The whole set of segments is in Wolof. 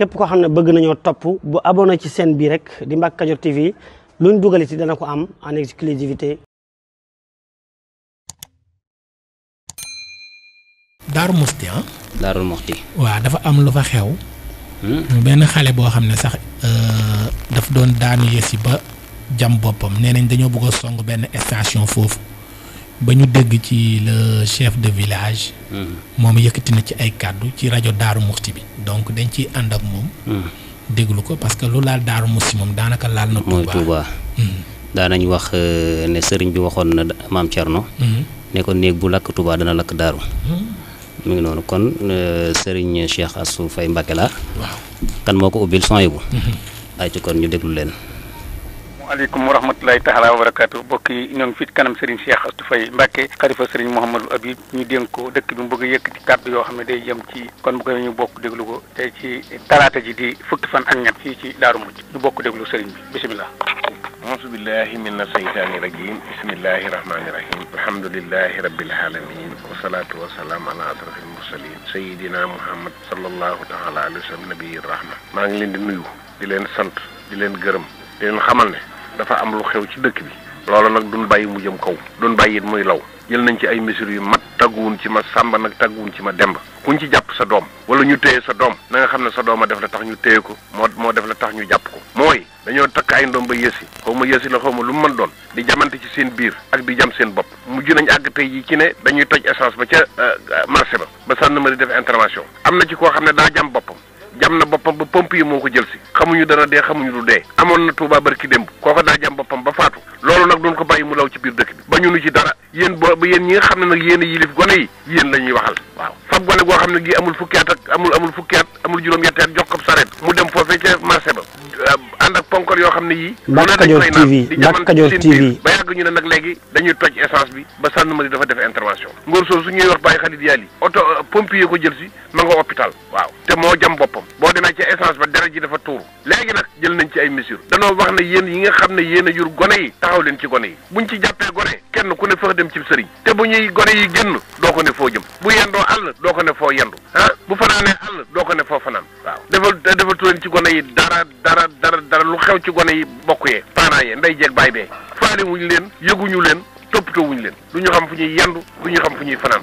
képp koo xam ne bëgg nañoo topp bu abonné ci chaîne bii rek di Mbacke Kadior TV luñ dugal ci dana ko am en exclusivité Daaru Muxti ah. Daaru Muxti. waaw dafa am lu fa xew. Hmm? benn xale boo xam ne sax euh, daf doon daanu yées yi ba jam boppam nee nañ dañoo buggoo a benn station foofu. ba ñu dégg ci le chef de village. Mm-hmm. moom yëkkati na ci ay kàddu ci rajo Daaru Muxti bi. donc dañ ci ànd ak moom. Mm-hmm. déglu ko parce que lu laal Daaru Muxti moom daanaka laal na. mooy Touba mm-hmm. daanañ wax euh, ne sëriñ bi waxoon na maam Thierno. ne ko néeg bu lakk dana lakk Daaru. mu ngi noonu kon euh, sëriñ Cheikh Assou Faye Mbacke la. kan moo ko ubbil son yi bu. ay ci kon ñu déglu leen. asalaamaaleykum wa rahmatulahi taala wa barakaatu mbokk yi ñoo ngi fi kanam Serigne Cheikh Astou Faye Mbacke xalifa Serigne Mouhamadou Habib ñu dénk ko dëkk bi mu bëgg a yëkk ci yoo xam ne day jëm ci kon bu ko ñu bokk déglu ko te ci talaata ji di fukki fan ak ñett fii ci Daaru Mujj ñu bokk déglu Serigne bi bisimilah. auzu billahi mina shaytaani rajim bismillahi rahmaani rahim alhamdulillahi rabbil alamin wasalaatu wasalaam ala asrafil mursalin sayidina muhammad sallallahu taala alayhi wa sallam nabiyi rahma maa ngi leen di nuyu di leen sant di leen gërëm di xamal ne dafa am lu xew ci dëkk bi loolu nag duñ bàyyi mu jëm kaw duñ bàyyi it muy law jël nañ ci ay mesures yu mat tagguwun ci ma sàmba nag tagguwun ci ma demba kuñ ci jàpp sa doom wala ñu téye sa doom na nga xam ne sa doom a def la tax ñu téye ko moo moo def la tax ñu jàpp ko mooy dañoo takk ay ndoom ba yësi xaw ma yësi la xaw ma lu mu mën doon di jamante ci seen biir ak di jam seen bopp mu mujj nañ àgg tey ji ci ne dañuy toj essence ba ca euh, marché ba ba sànn ma di intervention am na ci koo xam ne daa jam boppam jam na boppam ba pompe yi moo ko jël si xamuñu dana dee xamuñu du dee amoon na Touba barki démb kooka daa jam boppam ba faatu loolu nag doon ko bàyyi mu law ci biir dëkk bi ba ñu nu ci dara yéen boo yéen ñi nga xam ne nag yéen a yilif gone yi yéen la ñuy waxal waaw fab gone goo xam ne gii amul fukki at ak amul amul fukki at amul juróom-ñetti at jox ko sareet mu dem foofee ca marché ba euh, ànd ak ponkor yoo xam ne yii Mbacke Kadior TV Mbacke Kadior TV ba yàgg ñu ne nag léegi dañuy toj essence bi ba sànnmari dafa def intervention ngóor soo su ñuy wax bàyyi xalit yàlla yi oto ko jël si ma te moo jam boppam boo demee ci essence ba deret ji dafa tuuru léegi nag jël nañ ci ay mesures danoo wax ne yéen yi nga xam ne yéen a yur gone yi taxaw leen ci gone yi buñ ci jàppee gone kenn ku ne fex dem ci sëriñ te bu ñuy gone yi génn doo ko ne foo jëm bu yendoo àll doo ko ne foo yendu ah bu fanaanee àll doo ko ne foo fanaan waaw defal defal tu ci gone yi dara dara dara dara lu xew ci gone yi bokk yee parents yee nday jeeg baay bee faale wuñu leen yëguñu leen toppatoo wuñu leen du ñu xam fu ñuy yendu du ñu xam fu ñuy fanaan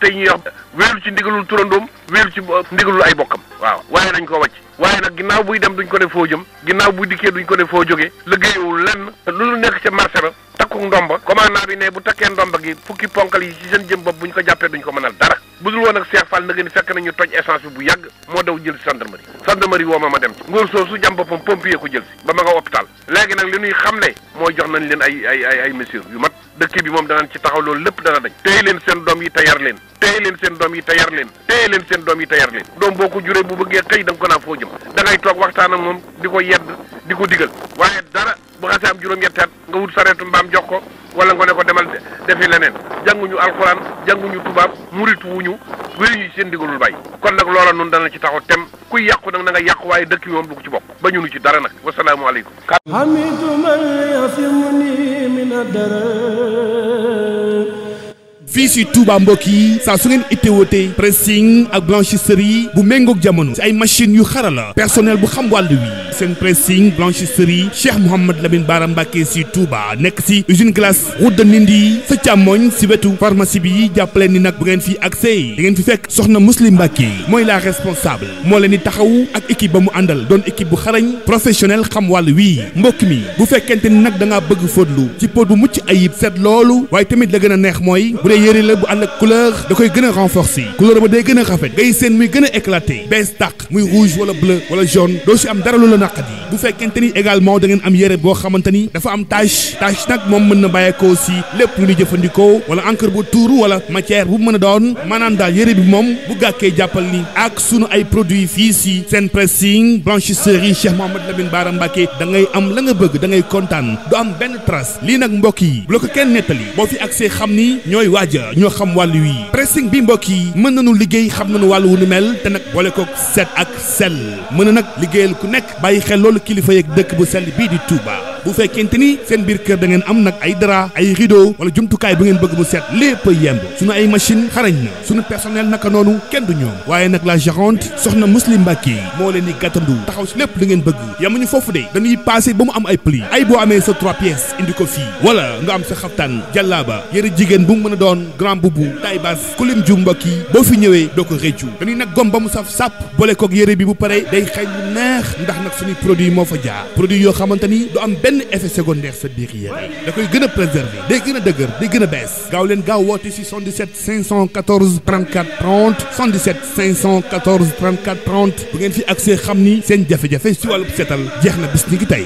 tey ñuy wax wéeru ci ndigalul turandoom wéeru ci ndigalul ay bokkam waaw waaye dañ ko wàcc waaye nag ginnaaw buy dem duñ ko ne foo jëm ginnaaw buy dikkee duñ ko ne foo jógee liggéeyul lenn lu nekk ca marché ba takku ndomba commandant bi ne bu takkee ndomba gi fukki ponkal yi ci seen jëm bopp buñ ko jàppee duñ ko mënal dara bu dul woon ak Cheikh Fall na ngeen fekk nañu toj essence bi bu yàgg moo daw jël si gendarmerie gendarmerie woo dem ci ngóor jam boppam pompier ko ba ma nga hôpital léegi nag li ñuy xam ne mooy jox nañ leen ay ay yu mat dëkk moom danañ ci taxaw loolu lépp dana leen seen doom yi te yar leen téye leen seen jëm da ngay toog waxtaan ak moom di ko yedd di ko digal waaye dara bu xasee am juróom-ñetti at nga wut sareetu mbaam jox ko wala nga ne ko demal defi leneen jànguñu alxuraan jànguñu tubaab murit wuñu wéyuñu seen digalul bàyyi kon nag loola nun dana ci taxaw tem kuy yàqu nag na nga yàqu waaye dëkk bi moom du ci bokk ba ñu ñunu ci dara a wasalaamualeykum. fii si Touba mbokk yi saa su ngeen itteewatee pressing ak blanchisserie bu méngoog jamono ci ay machines yu xarala personnel bu xam wàll wi seen pressing blanchisserie Cheikh Mouhamed Lamine Bara Mbacké si Touba nekk si usine glace route de Nindi sa càmmoñ si wetu pharmacie bi jàppale ni nag bu ngeen fi accès da ngeen fi fekk soxna Muslim Mbacké mooy la responsable moo leen di taxawu ak équipe ba mu àndal doon équipe bu xarañ professionnel xam wàll wii mbokk mi bu fekkente ni nag da ngaa bëgg fóotlu ci pot bu mucc ayib seet loolu waaye tamit gën a neex mooy yëre la bu ànd ak couleur da koy gën a renforcer couleur ba day gën a rafet ngay seen muy gën a éclaté bees tàq muy rouge wala bleu wala jaune doo si am dara lu la naqadi bu fekkente ni également da ngeen am yëre boo xamante ni dafa am tache tache nag moom mën na bàyyeekoo si lépp lu ñu jëfandikoo wala encre bu tuuru wala matière bu mën a doon maanaam daal yëre bi moom bu gàkkee jàppal ni ak sunu ay produits fii si seen pressing blanchisserie Cheikh Mouhamed Lamine Bara Mbacké da ngay am la nga bëgg da ngay kontaan am benn trace lii nag mbokk yi ñoo xam wàllu wi pressing bi mbokk yi mën nañu liggéey xam nañu wàllu wu nu mel te nag boole kook set ak sell mën na nag liggéeyal ku nekk bàyyi xel loolu kilifa yeeg dëkk bu sell bii di Touba bu fekkente ni seen biir kër da ngeen am nag ay dara ay rideau wala jumtukaay bu ngeen bëgg mu seet lépp a yemb suñu ay machine xarañ na suñu personnel naka noonu kenn du ñoom waaye nag la gérante soxna Muslim Mbàkke moo leen di gàttandu taxaw si lépp lu ngeen bëgg yamuñu foofu de dañuy passé ba mu am ay pli ay boo amee sa trois pièces indi ko fii wala nga am sa xaftaan jàllaaba yëre jigéen bu mu mën a doon grand boubou taille basse kulim ju boo fi ñëwee doo ko réccu ba mu saf sàpp boole koog yëre bi bu pare day xeeñ neex moo fa jaar produit benn effet secondaire sa biir yaram da koy gën a préserver day gën a dëgër day gën a bees gaaw leen gaaw woote si 77 514 34 30 77 514 34 30 bu ngeen fi accès xam ni seen jafe-jafe si wàllu setal jeex na bis ni ki tey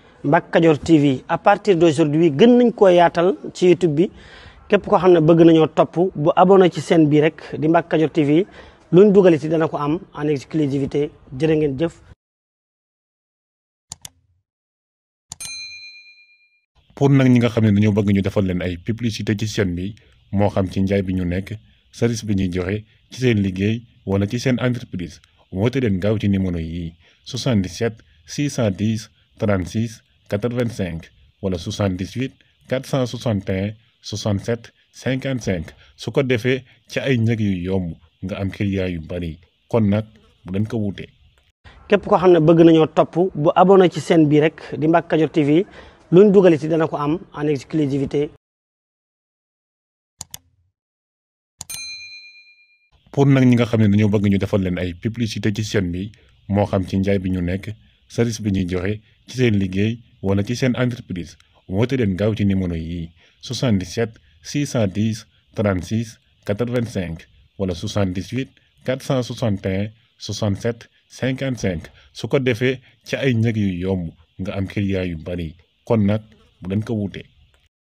Mbacke Kadior TV à partir d'aujourd'hui gën nañ ko yaatal ci YouTube bi képp koo xam ne bëgg nañoo topp bu abonné ci seen bi rek di Mbacke Kadior TV luñ dugal ci dana ko am en exclusivité jërë ngeen jëf. pour nag ñi nga xam ne dañoo bëgg ñu defal leen ay publicité ci chaîne bi moo xam ci njaay bi ñu nekk service bi ñuy joxe ci seen liggéey wala ci seen entreprise woote leen gaaw ci numéro yi 77 610 36. 85 wala 78 461 67 55 su ko defee ci ay njëg yu yomb nga am client yu bari kon nag bu leen ko wuute. képp koo xam ne bëgg nañoo topp bu abonné ci chaîne bii rek di Mbacke Kadior TV lu ñu dugal ci dana ko am en exclusivité pour nag ñi nga xam ne dañoo bëgg ñu defal leen ay publicité ci chaîne bi moo xam ci njaay bi ñu nekk. service bi ñuy joxe ci seen liggéey wala ci seen entreprise woote leen gaaw ci numéro yi 77 610 36 85 wala 78 461 67 55 su ko defee ci ay njëg yu yomb nga am client yu bari kon nag bu leen ko wuute.